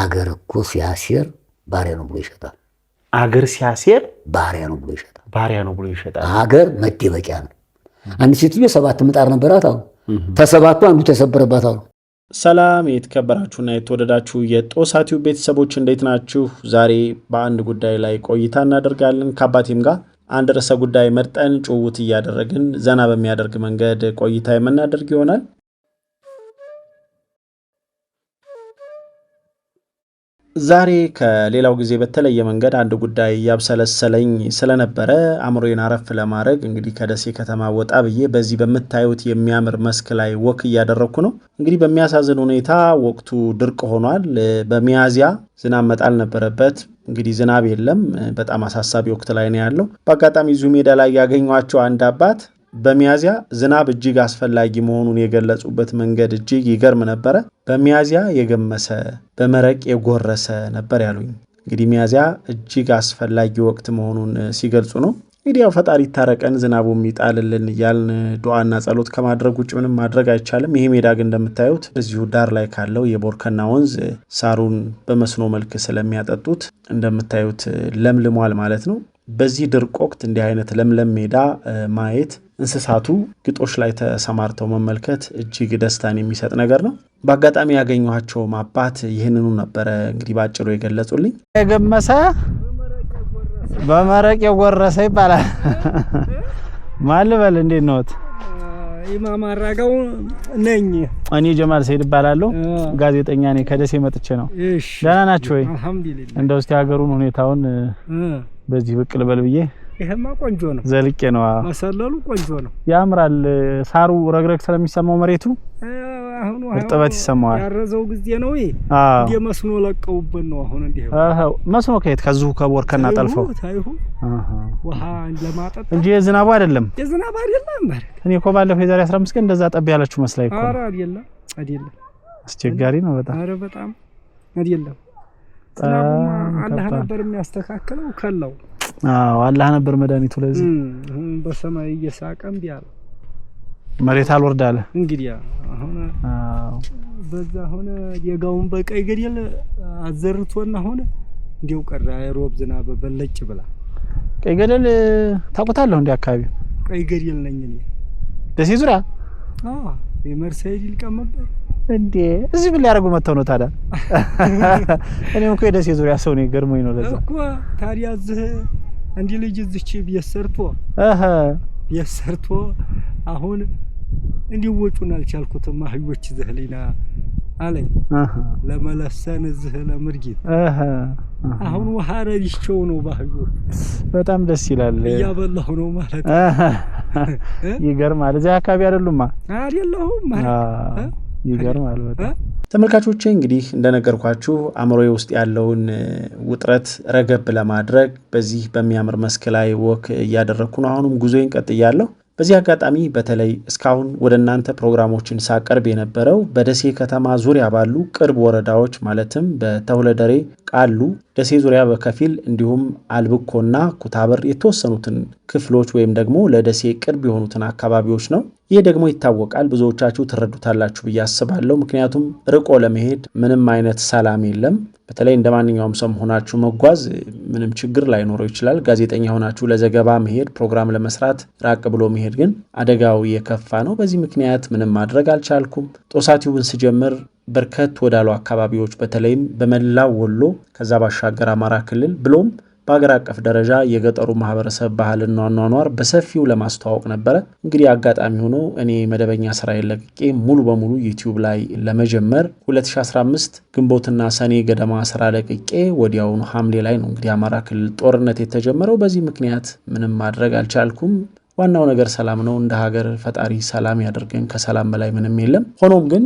አገር እኮ ሲያሴር ባሪያ ነው ብሎ ይሸጣል። አገር ሲያሴር ባሪያ ነው ብሎ ይሸጣል። ባሪያ ነው ብሎ ይሸጣል። አገር መደበቂያ ነው። አንድ ሴትዮ ሰባት ምጣር ነበራት። አሁን ተሰባቱ አንዱ ተሰበረባት። አሁን ሰላም የተከበራችሁና የተወደዳችሁ የጦሳቲው ቤተሰቦች እንዴት ናችሁ? ዛሬ በአንድ ጉዳይ ላይ ቆይታ እናደርጋለን። ከአባቴም ጋር አንድ ርዕሰ ጉዳይ መርጠን ጭውውት እያደረግን ዘና በሚያደርግ መንገድ ቆይታ የምናደርግ ይሆናል። ዛሬ ከሌላው ጊዜ በተለየ መንገድ አንድ ጉዳይ እያብሰለሰለኝ ስለነበረ አእምሮዬን አረፍ ለማድረግ እንግዲህ ከደሴ ከተማ ወጣ ብዬ በዚህ በምታዩት የሚያምር መስክ ላይ ወክ እያደረግኩ ነው። እንግዲህ በሚያሳዝን ሁኔታ ወቅቱ ድርቅ ሆኗል። በሚያዝያ ዝናብ መጣል ነበረበት። እንግዲህ ዝናብ የለም። በጣም አሳሳቢ ወቅት ላይ ነው ያለው። በአጋጣሚ ዙ ሜዳ ላይ ያገኟቸው አንድ አባት በሚያዚያ ዝናብ እጅግ አስፈላጊ መሆኑን የገለጹበት መንገድ እጅግ ይገርም ነበረ። በሚያዚያ የገመሰ በመረቅ የጎረሰ ነበር ያሉኝ። እንግዲህ ሚያዚያ እጅግ አስፈላጊ ወቅት መሆኑን ሲገልጹ ነው። እንግዲህ ያው ፈጣሪ ይታረቀን ዝናቡ የሚጣልልን እያልን ዱዓና ጸሎት ከማድረግ ውጭ ምንም ማድረግ አይቻልም። ይሄ ሜዳ ግን እንደምታዩት እዚሁ ዳር ላይ ካለው የቦርከና ወንዝ ሳሩን በመስኖ መልክ ስለሚያጠጡት እንደምታዩት ለምልሟል ማለት ነው። በዚህ ድርቅ ወቅት እንዲህ አይነት ለምለም ሜዳ ማየት እንስሳቱ ግጦሽ ላይ ተሰማርተው መመልከት እጅግ ደስታን የሚሰጥ ነገር ነው። በአጋጣሚ ያገኘኋቸውም አባት ይህንኑ ነበረ እንግዲህ በአጭሩ የገለጹልኝ። የገመሰ በመረቅ የጎረሰ ይባላል። ማልበል እንዴት ነዎት? ኢማም አራጋው ነኝ። እኔ ጀማል ሰይድ እባላለሁ። ጋዜጠኛ ነኝ። ከደሴ መጥቼ ነው። ደህና ናችሁ ወይ? እንደው እስቲ ሀገሩን ሁኔታውን በዚህ ብቅ ልበል ብዬ ይሄማ ቆንጆ ነው። ዘልቄ ነው መሰለሉ ቆንጆ ነው፣ ያምራል። ሳሩ ረግረግ ስለሚሰማው መሬቱ አሁን እርጥበት ይሰማዋል። ያረዘው ጊዜ ነው ይሄ እንደ መስኖ ለቀውበት ነው አሁን እንደ አዎ፣ መስኖ ከየት ከዚሁ ከቦርከና ጠልፈው ታይሁ ውሃ ለማጠጣት እንጂ የዝናቡ አይደለም፣ የዝናቡ አይደለም። ማለት እኔ እኮ ባለፈው የዛሬ 15 ቀን እንደዛ ጠብ ያላችሁ መስላይ እኮ። አራ አይደለም፣ አይደለም። አስቸጋሪ ነው በጣም። አረ፣ በጣም አይደለም። ዝናቡ አላህ ነበር የሚያስተካክለው ከለው አዎ አላህ ነበር መድኃኒቱ። ለዚህ በሰማይ እየሳቀ እምቢ አለ፣ መሬት አልወርድ አለ። እንግዲህ አሁን አዎ በዛ ሆነ የጋውን በቀይ ገደል አዘርቶና ሆነ እንዲው ቀረ። አይሮብ ዝናብ በለጭ ብላ ቀይ ገደል ታውቁታለሁ። እንዲ አካባቢ ቀይ ገደል ነኝ እኔ ደሴ ዙሪያ አዎ የመርሳይድ ይልቀመበት እንዴ እዚህ ምን ሊያደርጉ መጥተው ነው ታዲያ? እኔም እኮ የደሴ ዙሪያ ሰው ነኝ፣ ገርሞኝ ነው ለዛ እኮ ታዲያ እዚህ አንድ ልጅ እዚች ቤት ሰርቶ አሀ ቤት ሰርቶ አሁን እንዲህ ወጩን አልቻልኩትም። አህዮች ዘህሊና አለኝ ለመለሰን እዚህ ለምርጊት አሁን ውሃ ረድቼው ነው። ባህዩ በጣም ደስ ይላል። እያበላሁ ነው ማለት ይገርማል። እዚህ አካባቢ አይደሉማ አይደለሁም ይገርማል በጣም ተመልካቾቼ እንግዲህ እንደነገርኳችሁ አእምሮ ውስጥ ያለውን ውጥረት ረገብ ለማድረግ በዚህ በሚያምር መስክ ላይ ወክ እያደረግኩ ነው። አሁንም ጉዞዬን ቀጥያለሁ። በዚህ አጋጣሚ በተለይ እስካሁን ወደ እናንተ ፕሮግራሞችን ሳቀርብ የነበረው በደሴ ከተማ ዙሪያ ባሉ ቅርብ ወረዳዎች ማለትም በተሁለደሬ ቃሉ፣ ደሴ ዙሪያ በከፊል እንዲሁም አልብኮና ኩታበር የተወሰኑትን ክፍሎች ወይም ደግሞ ለደሴ ቅርብ የሆኑትን አካባቢዎች ነው። ይህ ደግሞ ይታወቃል፣ ብዙዎቻችሁ ትረዱታላችሁ ብዬ አስባለሁ። ምክንያቱም ርቆ ለመሄድ ምንም አይነት ሰላም የለም። በተለይ እንደ ማንኛውም ሰው ሆናችሁ መጓዝ ምንም ችግር ላይኖረው ይችላል። ጋዜጠኛ ሆናችሁ ለዘገባ መሄድ፣ ፕሮግራም ለመስራት ራቅ ብሎ መሄድ ግን አደጋው የከፋ ነው። በዚህ ምክንያት ምንም ማድረግ አልቻልኩም። ጦሳቲውን ስጀምር በርከት ወዳሉ አካባቢዎች በተለይም በመላው ወሎ ከዛ ባሻገር አማራ ክልል ብሎም በሀገር አቀፍ ደረጃ የገጠሩ ማህበረሰብ ባህልና አኗኗር በሰፊው ለማስተዋወቅ ነበረ። እንግዲህ አጋጣሚ ሆኖ እኔ መደበኛ ስራዬን ለቅቄ ሙሉ በሙሉ ዩቲዩብ ላይ ለመጀመር 2015 ግንቦትና ሰኔ ገደማ ስራ ለቅቄ ወዲያውኑ ሐምሌ ላይ ነው እንግዲህ አማራ ክልል ጦርነት የተጀመረው። በዚህ ምክንያት ምንም ማድረግ አልቻልኩም። ዋናው ነገር ሰላም ነው። እንደ ሀገር ፈጣሪ ሰላም ያደርገን። ከሰላም በላይ ምንም የለም። ሆኖም ግን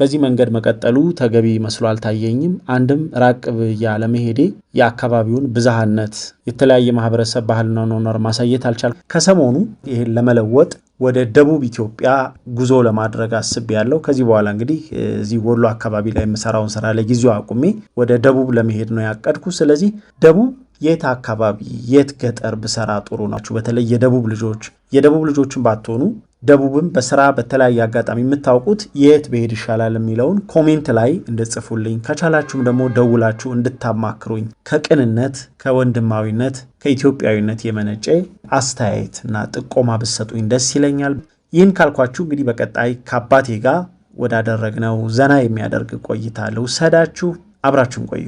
በዚህ መንገድ መቀጠሉ ተገቢ መስሎ አልታየኝም። አንድም ራቅ ያለ መሄዴ የአካባቢውን ብዝሃነት፣ የተለያየ ማህበረሰብ ባህልና ኖኖር ማሳየት አልቻል። ከሰሞኑ ይህ ለመለወጥ ወደ ደቡብ ኢትዮጵያ ጉዞ ለማድረግ አስብ ያለው ከዚህ በኋላ እንግዲህ እዚህ ወሎ አካባቢ ላይ የምሰራውን ስራ ለጊዜው አቁሜ ወደ ደቡብ ለመሄድ ነው ያቀድኩ። ስለዚህ ደቡብ የት አካባቢ የት ገጠር ብሰራ ጥሩ ናችሁ? በተለይ የደቡብ ልጆች የደቡብ ልጆችን ባትሆኑ ደቡብም በስራ በተለያየ አጋጣሚ የምታውቁት የት ብሄድ ይሻላል የሚለውን ኮሜንት ላይ እንድጽፉልኝ ከቻላችሁም ደግሞ ደውላችሁ እንድታማክሩኝ ከቅንነት ከወንድማዊነት ከኢትዮጵያዊነት የመነጨ አስተያየት እና ጥቆማ ብሰጡኝ ደስ ይለኛል። ይህን ካልኳችሁ እንግዲህ በቀጣይ ከአባቴ ጋር ወዳደረግነው ዘና የሚያደርግ ቆይታ ልውሰዳችሁ። አብራችሁን ቆዩ።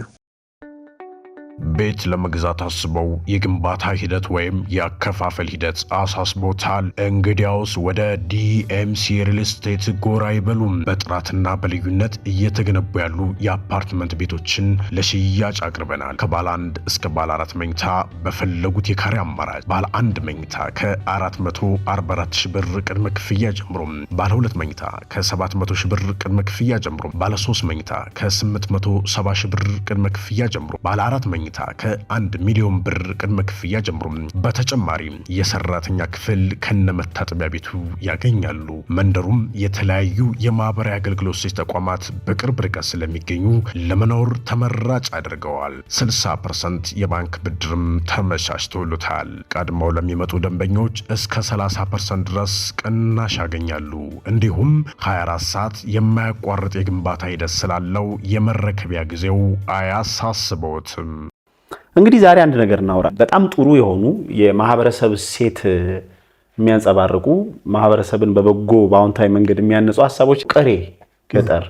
ቤት ለመግዛት አስበው የግንባታ ሂደት ወይም የአከፋፈል ሂደት አሳስቦታል? እንግዲያውስ ወደ ዲኤምሲ ሪል ስቴት ጎራ አይበሉም። በጥራትና በልዩነት እየተገነቡ ያሉ የአፓርትመንት ቤቶችን ለሽያጭ አቅርበናል። ከባለ አንድ እስከ ባለ አራት መኝታ በፈለጉት የካሬ አማራጭ ባለ አንድ መኝታ ከ444 ሺህ ብር ቅድመ ክፍያ ጀምሮ፣ ባለ ሁለት መኝታ ከ700 ሺህ ብር ቅድመ ክፍያ ጀምሮ፣ ባለ ሶስት መኝታ ከ870 ሺህ ብር ቅድመ ክፍያ ጀምሮ፣ ባለ አራት መኝታ መኝታ ከአንድ ሚሊዮን ብር ቅድመ ክፍያ ጀምሮ በተጨማሪ የሰራተኛ ክፍል ከነመታጠቢያ ቤቱ ያገኛሉ። መንደሩም የተለያዩ የማህበራዊ አገልግሎት ሰጪ ተቋማት በቅርብ ርቀት ስለሚገኙ ለመኖር ተመራጭ አድርገዋል። 60 ፐርሰንት የባንክ ብድርም ተመቻችቶሎታል። ቀድመው ለሚመጡ ደንበኞች እስከ 30 ፐርሰንት ድረስ ቅናሽ ያገኛሉ። እንዲሁም 24 ሰዓት የማያቋርጥ የግንባታ ሂደት ስላለው የመረከቢያ ጊዜው አያሳስበዎትም። እንግዲህ ዛሬ አንድ ነገር እናውራ። በጣም ጥሩ የሆኑ የማህበረሰብ ሴት የሚያንጸባርቁ ማህበረሰብን በበጎ በአዎንታዊ መንገድ የሚያነጹ ሀሳቦች ቅሬ ገጠር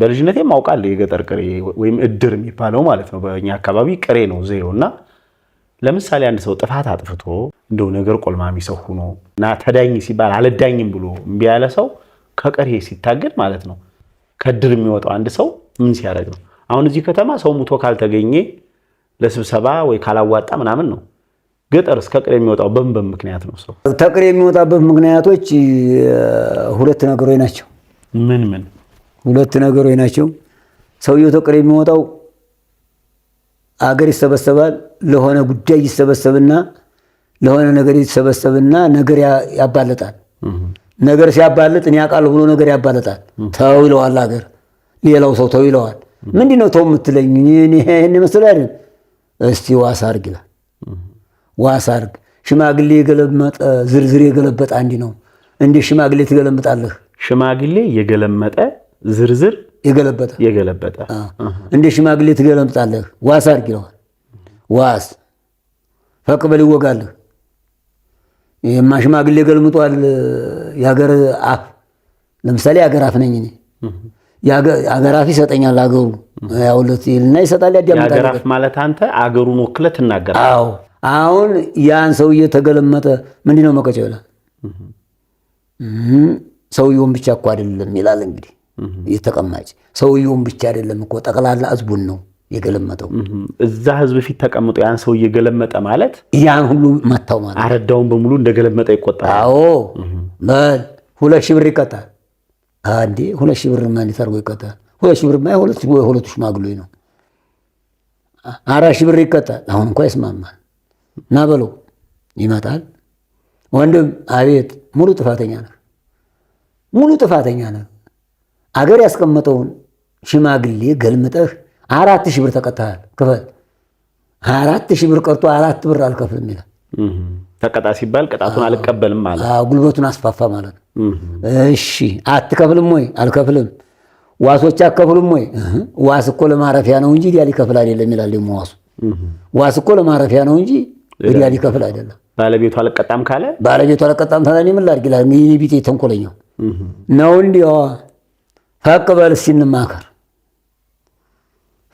በልጅነቴ አውቃል። የገጠር ቅሬ ወይም እድር የሚባለው ማለት ነው። በእኛ አካባቢ ቅሬ ነው ዘዬው እና ለምሳሌ አንድ ሰው ጥፋት አጥፍቶ እንደው ነገር ቆልማሚ ሰው ሆኖ እና ተዳኝ ሲባል አልዳኝም ብሎ እምቢ ያለ ሰው ከቅሬ ሲታገድ ማለት ነው ከእድር የሚወጣው አንድ ሰው ምን ሲያደርግ ነው? አሁን እዚህ ከተማ ሰው ሙቶ ካልተገኘ ለስብሰባ ወይ ካላዋጣ ምናምን ነው። ገጠር እስከ ቅሬ የሚወጣው በምን ምክንያት ነው? ሰው ተቅሬ የሚወጣበት ምክንያቶች ሁለት ነገሮች ናቸው። ምን ምን? ሁለት ነገሮች ናቸው። ሰውየው ተቅር የሚወጣው አገር ይሰበሰባል። ለሆነ ጉዳይ ይሰበሰብና ለሆነ ነገር ይሰበሰብና ነገር ያባለጣል። ነገር ሲያባልጥ እኔ አውቃለሁ ብሎ ነገር ያባለጣል። ተው ይለዋል አገር፣ ሌላው ሰው ተው ይለዋል። ምንድን ነው ተው የምትለኝ? ይህን እስቲ ዋስ አርግ ይላል። ዋስ አርግ ሽማግሌ የገለመጠ ዝርዝር የገለበጠ አንድ ነው። እንዴት ሽማግሌ ትገለምጣለህ? ሽማግሌ የገለመጠ ዝርዝር የገለበጠ የገለበጠ ሽማግሌ ትገለምጣለህ? ዋስ አርግ ይለዋል። ዋስ ፈቅበል ይወጋለህ። ይህማ ሽማግሌ ገልምጧል። የአገር አፍ ለምሳሌ የአገር አፍ ነኝ እኔ የሀገራፍ ይሰጠኛል አገሩ ያውለት ይልና ይሰጣል። ያዳምጣል። የሀገራፍ ማለት አንተ አገሩን ወክለህ ትናገራለህ። አዎ። አሁን ያን ሰውዬ ተገለመጠ። ምንድን ነው መቀጫው ይላል። ሰውየውን ብቻ እኮ አይደለም ይላል። እንግዲህ የተቀማጭ ሰውየውን ብቻ አይደለም እኮ ጠቅላላ ህዝቡን ነው የገለመጠው። እዛ ህዝብ ፊት ተቀምጦ ያን ሰው ገለመጠ ማለት ያን ሁሉ መታው ማለት አረዳውን በሙሉ እንደገለመጠ ይቆጠራል። አዎ። በል ሁለት ሺህ ብር ይቀጣል። አንዴ ሁለት ሺህ ብር ማን ይታርጎ ይቀጣል? ሁለት ሺህ ብር ማይ ሁለት ሁለቱ ሽማግሌ ነው። አራት ሺህ ብር ይቀጣል። አሁን እንኳ ይስማማል። ና በለው ይመጣል። ወንድም አቤት፣ ሙሉ ጥፋተኛ ነህ፣ ሙሉ ጥፋተኛ ነህ። አገር ያስቀመጠውን ሽማግሌ ገልምጠህ አራት ሺህ ብር ተቀጥሃል፣ ክፈል። አራት ሺህ ብር ቀርቶ አራት ብር አልከፍልም ይላል። ተቀጣ ሲባል ቅጣቱን አልቀበልም አለ። ጉልበቱን አስፋፋ ማለት ነው። እሺ አትከፍልም ወይ? አልከፍልም። ዋሶች አከፍሉም ወይ? ዋስ እኮ ለማረፊያ ነው እንጂ ዲያ ሊከፍል አይደለም ይላል። ደግሞ ዋሱ ዋስ እኮ ለማረፊያ ነው እንጂ ዲያ ሊከፍል አይደለም። ባለቤቱ አልቀጣም ካለ ባለቤቱ አልቀጣም ታዲያ ምን ላድርግ ይላል። ይህ ቢጤ ተንኮለኛው ነው። እንዲያዋ ፈቅ በል ሲንማከር እንማከር።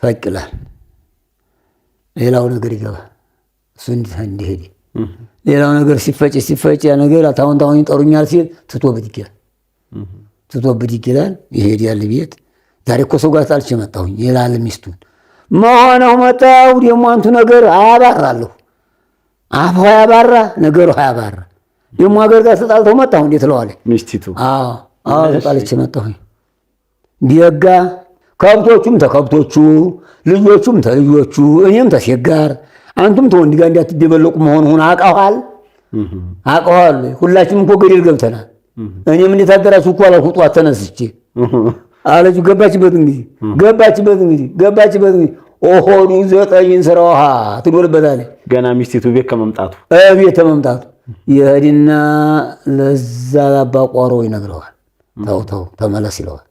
ፈቅ ይላል። ሌላው ነገር ይገባል። እሱ እንዲህ እንዲሄድ ሌላው ነገር ሲፈጭ ሲፈጭ ያ ነገር ታሁን ታሁን ይጠሩኛል ሲል ትቶ ብድግ ይላል። ትቶ ብድግ ይላል ይሄዳል ቤት። ዛሬ እኮ ሰው ጋር ታልች መጣሁኝ ይላል ሚስቱን። መሆነው መጣው ደግሞ አንቱ ነገር አያባራለሁ አፍ ያባራ ነገሩ ያባራ ደግሞ ሀገር ጋር ተጣልተው መጣሁ እንዴት እለዋለሁ ሚስቲቱ። አዎ አዎ ተጣልች መጣሁኝ ቢጋ ከብቶቹም ተከብቶቹ ልጆቹም ተልጆቹ እኔም ተሴጋር አንተም ተወንድ ጋር እንዳትደበለቁ መሆኑን አውቀዋል አውቀዋል። ሁላችንም እኮ ገደል ገብተናል። እኔም እንዴት አደራችሁ እኮ አላልኩ ጠዋት ተነስቼ አለች። ገባችበት እንግዲህ ገባችበት እንግዲህ ገባችበት እንግዲህ ኦሆኑ ዘጠኝን ስራ ውሃ ትዶልበታለች። ገና ሚስቲቱ ቤት ከመምጣቱ ቤት ከመምጣቱ ይሄድና ለዛ አባቋሮ ይነግረዋል። ተው ተው ተመለስ ይለዋል።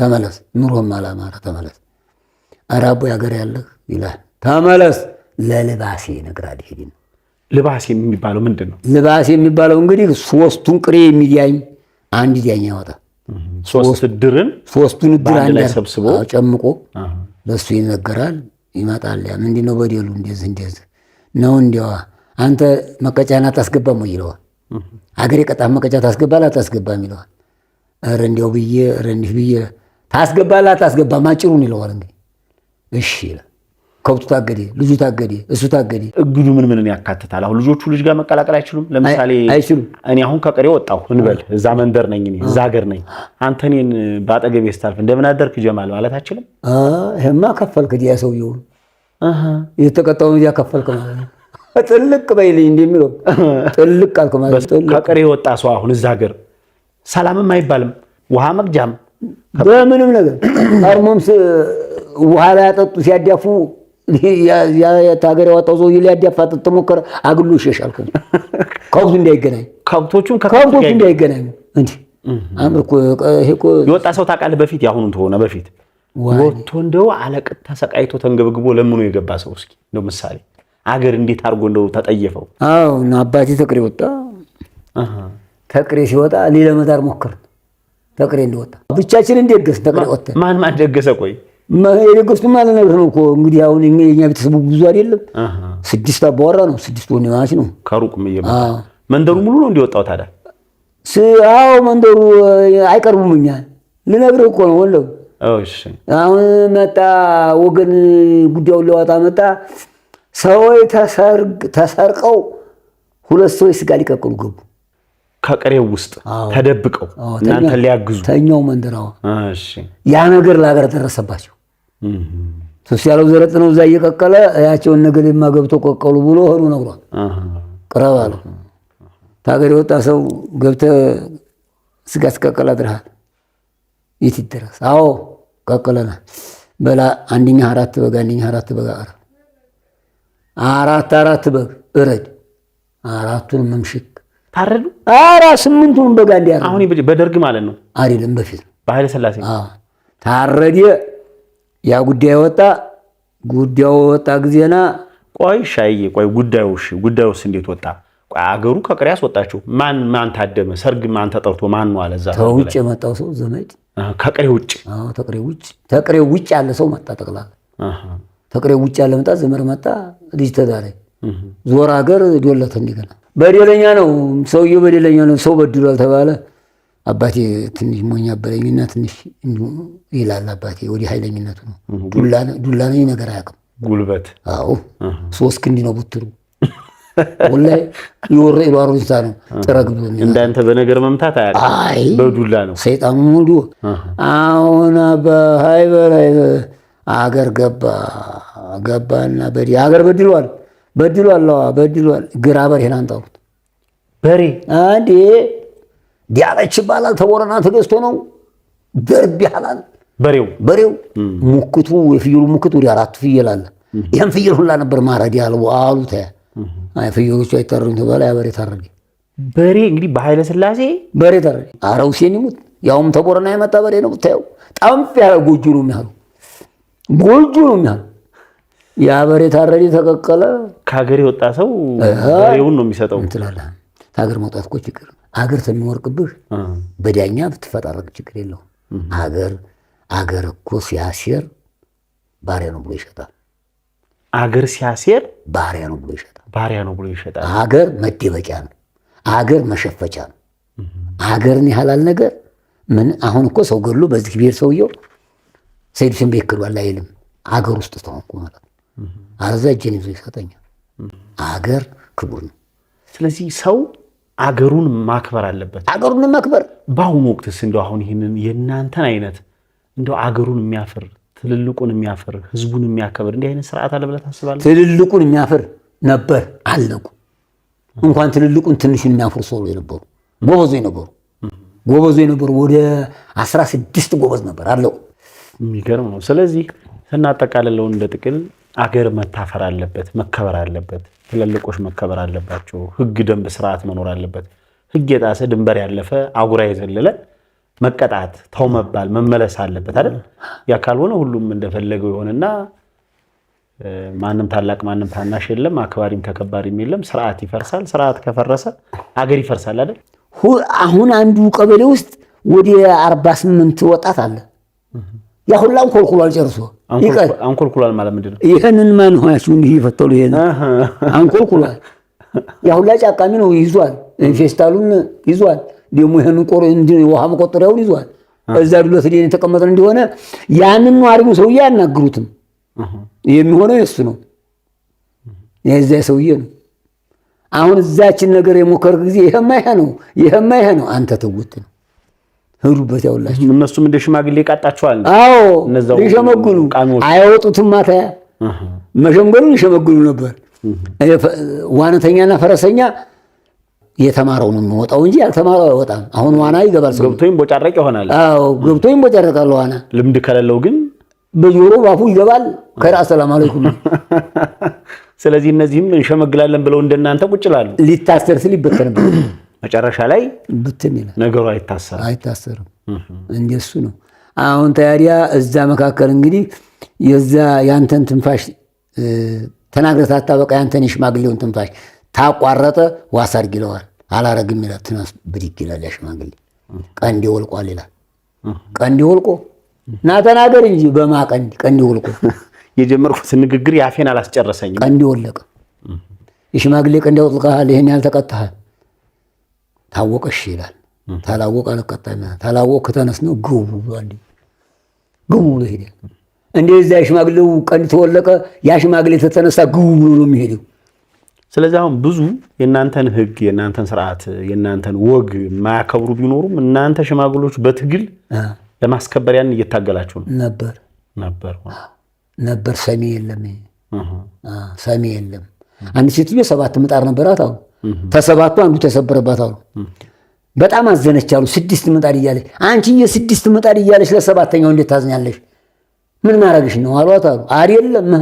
ተመለስ ኑሮም አላማረ ተመለስ። ኧረ ያገር ያለህ ይላል። ተመለስ ለልባሴ ይነግራል። ይሄን ልባሴ የሚባለው ምንድን ነው? ልባሴ የሚባለው እንግዲህ ሶስቱን ቅሬ የሚዲያኝ አንድ ዲያኛ ያወጣ ሶስት ድርን ሶስቱን ድር አንድ ላይ ሰብስቦ ጨምቆ በሱ ይነገራል። ይመጣል። ያ ምንድን ነው በደሉ? እንደዚህ እንደዚህ ነው እንዲያዋ አንተ መቀጫና አታስገባም ወይ ይለዋል። አገሬ ቀጣፍ መቀጫ ታስገባል አታስገባም ይለዋል። ኧረ እንዲያው ብዬ ኧረ እንዲህ ብዬ ታስገባል አታስገባም አጭሩን ይለዋል። እንግዲህ እሺ ይላል። ከብቱ ታገዴ፣ ልጁ ታገዴ፣ እሱ ታገዴ። እግዱ ምን ምንን ያካትታል? አሁን ልጆቹ ልጅ ጋር መቀላቀል አይችሉም። ለምሳሌ አይችሉም። እኔ አሁን ከቀሬ ወጣሁ እንበል፣ እዛ መንደር ነኝ፣ እዛ ሀገር ነኝ። አንተ እኔን በአጠገቤ ስታልፍ እንደምን አደርክ ጀማል ማለት አችልም። ይህማ ከፈልክ ዲያ ሰውየውን የተቀጣው ዲያ ከፈልክ ማለት ጥልቅ በይልኝ እንደሚለው ጥልቅ አልክ ማለት ከቀሬ ወጣ ሰው አሁን እዛ ሀገር ሰላምም አይባልም፣ ውሃ መቅጃም በምንም ነገር ቀድሞም ውሃ ላይ ያጠጡ ሲያዳፉ ሀገር ያወጣው ሰውዬ ሊያዳፋጥጥ ተሞከረ። አግሎ ይሸሻል። ከብቱ እንዳይገናኝ ከብቶቹም ከብቶቹ እንዳይገናኙ የወጣ ሰው ታውቃለህ። በፊት የአሁኑ ተሆነ በፊት ወጥቶ እንደው አለቅጥ ተሰቃይቶ ተንገብግቦ ለምኖ የገባ ሰው እስኪ እንደው ምሳሌ አገር እንዴት አድርጎ እንደው ተጠየፈው። አዎ አባቴ ተቅሬ ወጣ። ተቅሬ ሲወጣ ሌላ መዳር ሞከርን። ተቅሬ እንደወጣ ብቻችን እንደገስ ተቅሬ ወጣ። ማን ማን ደገሰ? ቆይ የደገፍኩት ማለት ነው እኮ እንግዲህ አሁን የኛ ቤተሰቡ ብዙ አይደለም። ስድስት አባወራ ነው፣ ስድስት ማለት ነው። ከሩቅ መንደሩ ሙሉ ነው እንዲወጣው ታዲያ። አዎ መንደሩ አይቀርቡም። እኛ ልነግርህ እኮ ነው ወለው አሁን መጣ ወገን ጉዳዩን ለዋጣ መጣ። ሰዎች ተሰርቀው ሁለት ሰዎች ስጋ ሊቀቅሉ ገቡ። ከቀሬው ውስጥ ተደብቀው እናንተ ሊያግዙ ተኛው መንደራው ያ ነገር ለሀገር ደረሰባቸው። ተስ ያለው ዘረጥ ነው። እዛ እየቀቀለ ያቸውን ነገር የማገብተው ቆቀሉ ብሎ እህሉ ነግሯል። ቅረብ አለ ታገር የወጣ ሰው ገብተ ስጋ ስቀቀል አድርሃል የት ይደረስ? አዎ ቀቀለና በላ አንድኛ አራት በግ አንድኛ አራት በግ አረ አራት አራት በግ እረድ አራቱን መምሽክ ታረዱ። አራ ስምንቱን በግ አንዴ አሁን በደርግ ማለት ነው አይደለም በፊት ነው በኃይለ ሥላሴ ታረደ ያ ጉዳይ ወጣ። ጉዳዩ ወጣ ጊዜና ቆይ ሻዬ ቆይ ጉዳዩ እሺ፣ ጉዳዩስ እንዴት ወጣ? ቆይ አገሩ ከቅሬ አስወጣችሁ። ማን ማን ታደመ? ሰርግ ማን ተጠርቶ ማን ነው አለዛ? ከውጭ የመጣው ሰው ዘመድ ከቅሬ ውጭ። አዎ ተቅሬ ውጭ ተቅሬ ውጭ ያለ ሰው መጣ። ጠቅላላ ተቅሬ ውጭ ያለ መጣ፣ ዘመድ መጣ፣ ልጅ ተዳረ። ዞር አገር ዶለት እንደገና በደለኛ ነው ሰውየው፣ በደለኛ ነው ሰው በድሏል ተባለ። አባቴ ትንሽ ሞኛ በለኝና ትንሽ ይላል አባቴ። ወዲህ ኃይለኝነቱ ነው። ዱላ ነኝ ነገር አያውቅም። ጉልበት አዎ፣ ሶስት ክንድ ነው ብትሩ ወላሂ የወረ ኢሏሩ እንስሳ ነው። ጥረግ እንዳንተ በነገር መምታት አያውቅም። በዱላ ነው ሰይጣን ሙሉ። አሁን በሀይ በላይ አገር ገባ ገባና በ አገር በድሏል፣ በድሏል፣ በድሏል። ግራ በሬ ናንጣሩት በሬ አንዴ ዲያበች ይባላል። ተቦረና ተገዝቶ ነው። በርብ ያህላል በሬው በሬው ሙክቱ የፍየሉ ሙክቱ ወደ አራቱ ፍየል አለ። ይህም ፍየል ሁላ ነበር ማረድ ያለው አሉ። ተያ ፍየሎቹ አይታረዱ ተባለ። ያ በሬ ታረደ። በሬ እንግዲህ በኃይለ ሥላሴ በሬ ታረደ። አረ ሁሴን ይሙት፣ ያውም ተቦረና የመጣ በሬ ነው። ብታየው ጠንፍ ያለ ጎጆ ነው የሚያሉ ጎጆ ነው የሚያሉ ያ በሬ ታረደ፣ ተቀቀለ። ከሀገር የወጣ ሰው በሬውን ነው የሚሰጠው። ትላለ ከሀገር መውጣት እኮ ችግር ነው። ሀገር ስለሚወርቅብህ በዳኛ ብትፈጣረቅ ችግር የለውም። ሀገር አገር እኮ ሲያሴር ባሪያ ነው ብሎ ይሸጣል። አገር ሲያሴር ባሪያ ነው ብሎ ይሸጣል። ባሪያ ነው ብሎ ይሸጣል። አገር መደበቂያ ነው። አገር መሸፈቻ ነው። አገርን ያህላል ነገር ምን አሁን እኮ ሰው ገሎ በዚህ ብሔር ሰውየው ሰይድ ሁሴን ቤት ክዷል አይልም። አገር ውስጥ ተሆንኩ ማለት አረዛ እጄን ይዞ ይሰጠኛል። አገር ክቡር ነው። ስለዚህ ሰው አገሩን ማክበር አለበት። አገሩን ማክበር በአሁኑ ወቅትስ እንደው አሁን ይህንን የእናንተን አይነት እንደው አገሩን የሚያፍር ትልልቁን የሚያፍር ህዝቡን የሚያከብር እንዲህ አይነት ስርዓት አለ ብለህ ታስባለህ? ትልልቁን የሚያፍር ነበር አለቁ። እንኳን ትልልቁን ትንሹን የሚያፍሩ ሰው የነበሩ ጎበዞ ነበሩ፣ ጎበዞ ነበሩ። ወደ አስራ ስድስት ጎበዝ ነበር አለቁ። የሚገርም ነው። ስለዚህ ስናጠቃልለው እንደ ጥቅል አገር መታፈር አለበት፣ መከበር አለበት። ትልልቆች መከበር አለባቸው። ህግ፣ ደንብ፣ ስርዓት መኖር አለበት። ህግ የጣሰ ድንበር ያለፈ አጉራ የዘለለ መቀጣት፣ ተው መባል፣ መመለስ አለበት አይደል? ያ ካልሆነ ሁሉም እንደፈለገው የሆነና ማንም ታላቅ ማንም ታናሽ የለም፣ አክባሪም ተከባሪም የለም። ስርዓት ይፈርሳል። ስርዓት ከፈረሰ አገር ይፈርሳል አይደል? አሁን አንዱ ቀበሌ ውስጥ ወደ አርባ ስምንት ወጣት አለ ያ ሁላ አንኮልኩሏል ጨርሶ አንኮልኩሏል ማለት ምንድን ነው? ይህንን ማን ሆያችሁ እንዲህ ይፈተሉ ይሄ አንኮልኩሏል። ያ ሁላ ጫቃሚ ነው ይዟል፣ ፌስታሉን ይዟል፣ ደግሞ ይሄን ቆሮ ውሃ መቆጠሪያውን ይዟል። እዛ ዱሎ ስለ የተቀመጠ እንደሆነ ያንን አርጉ ሰውዬ አያናግሩትም። የሚሆነው የሱ ነው፣ የዛ ሰውዬ ነው። አሁን እዛችን ነገር የሞከር ጊዜ ይህማ ይሄ ነው፣ ይህማ ይሄ ነው። አንተ ተውት ነው ሄዱበት ያውላችሁ። እነሱም እንደ ሽማግሌ ቃጣችኋል። አዎ ሊሸመግሉ አይወጡትም። ማታ መሸምገሉ ይሸመግሉ ነበር። ዋነተኛና ፈረሰኛ የተማረው ነው የሚወጣው እንጂ ያልተማረው አይወጣም። አሁን ዋና ይገባል። ሰው ገብቶ ይንቦጫረቅ ይሆናል። አዎ ገብቶ ይንቦጫረቃል። ዋና ልምድ ከሌለው ግን በጆሮ ባፉ ይገባል። ከራ ሰላም አለይኩም። ስለዚህ እነዚህም እንሸመግላለን ብለው እንደናንተ ቁጭ ላሉ ሊታሰር ስል ይበተንበት መጨረሻ ላይ ብትን ይላል ነገሩ። አይታሰርም አይታሰርም። እንደሱ ነው። አሁን ታዲያ እዛ መካከል እንግዲህ የዛ ያንተን ትንፋሽ ተናግረህ ታጣበቃ ያንተን የሽማግሌውን ትንፋሽ ታቋረጠ ዋሳርግ ይለዋል። አላረግም ይላል። ትናንት ብድግ ይላል ያሽማግሌ ቀንዴ ወልቋል ይላል። ቀንዴ ወልቆ እና ተናገር እንጂ በማ ቀንዴ ቀንዴ ወልቆ የጀመርኩት ንግግር ያፌን አላስጨረሰኝም። ቀንዴ ወለቀ። የሽማግሌ ቀንዴ አውጥልቀሃል። ይህን ያልተቀጥሃል ታወቀሽ ይላል። ታላወቀ አለቀጣሚ ታላወቀ ተነስ ነው ግቡ ብሏል። ግቡ ብሎ ሄዳል። እንደዚያ ሽማግሌው ቀንድ ተወለቀ። ያ ሽማግሌ ተተነሳ ግቡ ብሎ ነው የሚሄደው። ስለዚህ አሁን ብዙ የእናንተን ህግ፣ የእናንተን ስርዓት የእናንተን ወግ የማያከብሩ ቢኖሩም እናንተ ሽማግሌዎች በትግል ለማስከበር ያን እየታገላችሁ ነው ነበር ነበር ነበር። ሰሚ የለም ሰሚ የለም። አንድ ሴትዮ ሰባት ምጣር ነበራት አሁን ተሰባቱ አንዱ ተሰበረባት አሉ። በጣም አዘነች አሉ። ስድስት ምጣድ እያለች አንቺ የስድስት ምጣድ እያለች ለሰባተኛው እንዴት ታዝኛለሽ? ምን ማረግሽ ነው አሏት አሉ። አይደለም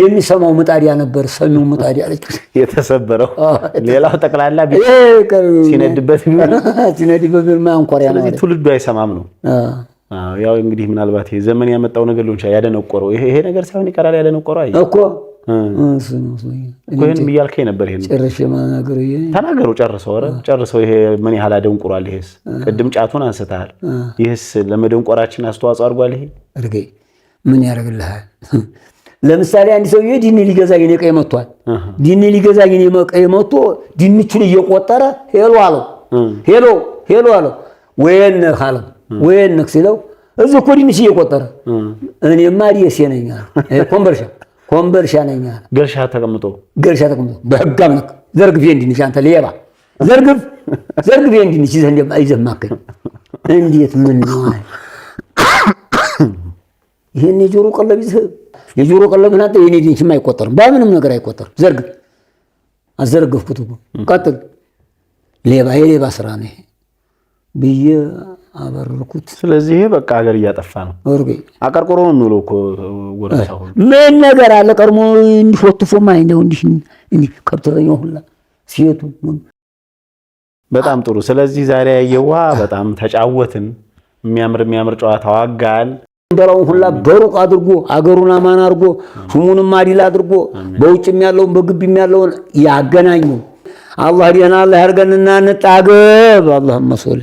የሚሰማው ምጣዲያ ነበር ሰሚው ምጣዲያ አለች። የተሰበረው ሌላው ጠቅላላ ሲነድበት ሲነድበት ማንኮሪያ ነው። ትውልዱ አይሰማም ነው ያው እንግዲህ ምናልባት ዘመን ያመጣው ነገር ሊሆን ይችላል። ያደነቆረው ይሄ ነገር ሳይሆን ይቀራል ያደነቆረው አይ እኮ ይህን እያልከኝ ነበር። ይሄን ጨርሼ መናገር ተናገረው ጨርሰው፣ ኧረ ጨርሰው። ይሄ ምን ያህል አደንቁሯል? ይሄስ ቅድም ጫቱን አንስተሃል። ይሄስ ለመደንቆራችን አስተዋጽኦ አድርጓል? ይሄ እርጌ ምን ያደርግልሃል? ለምሳሌ አንድ ሰውዬ ድን ሊገዛ የኔ ቀይ መጥቷል። ድን ሊገዛ የኔ ቀይ መጥቶ ድንቹን እየቆጠረ ሄሎ አለው፣ ሄሎ ሄሎ አለው። ወየነህ አለው፣ ወየነህ ሲለው እዚህ እኮ ድንች እየቆጠረ እኔማ ዲሴ ነኝ ኮምበርሻ ኮምበልሻ ነኝ አለ። ገልሻ ተቀምጦ ገልሻ ተቀምጦ በህግ አምላክ ዘርግፌ እንዲንሽ አንተ ሌባ ዘርግፍ ዘርግፌ እንዲንሽ ይዘማከኝ እንዴት ምን ነው አለ። ይህን የጆሮ ቀለብ ይዘህ የጆሮ ቀለብህን አንተ የኔ ድንሽም አይቆጠርም፣ በምንም ነገር አይቆጠርም። ዘርግፍ አዘረገፍኩት እኮ ቀጥል። ሌባ የሌባ ስራ ነው ብዬ አበርኩት። ስለዚህ በቃ ሀገር እያጠፋ ነው። ወርጌ አቀርቆሮ ነው የሚውለው እኮ ጎረሳው። ምን ነገር አለ ቀድሞ እንዲህ ወትፎማ እንደው እንዲህ እንዲህ ከብትረኛው ሁላ ሲየቱ በጣም ጥሩ። ስለዚህ ዛሬ ያየዋ በጣም ተጫወትን። የሚያምር የሚያምር ጨዋታ ዋጋል ደራውን ሁላ በሩቅ አድርጎ አገሩን አማን አድርጎ ስሙንም አዲል አድርጎ በውጭም ያለውን በግቢም ያለውን ያገናኙ አላህ ደህና አላህ ያርገንና እንጣገብ። አላሁመ ሶሊ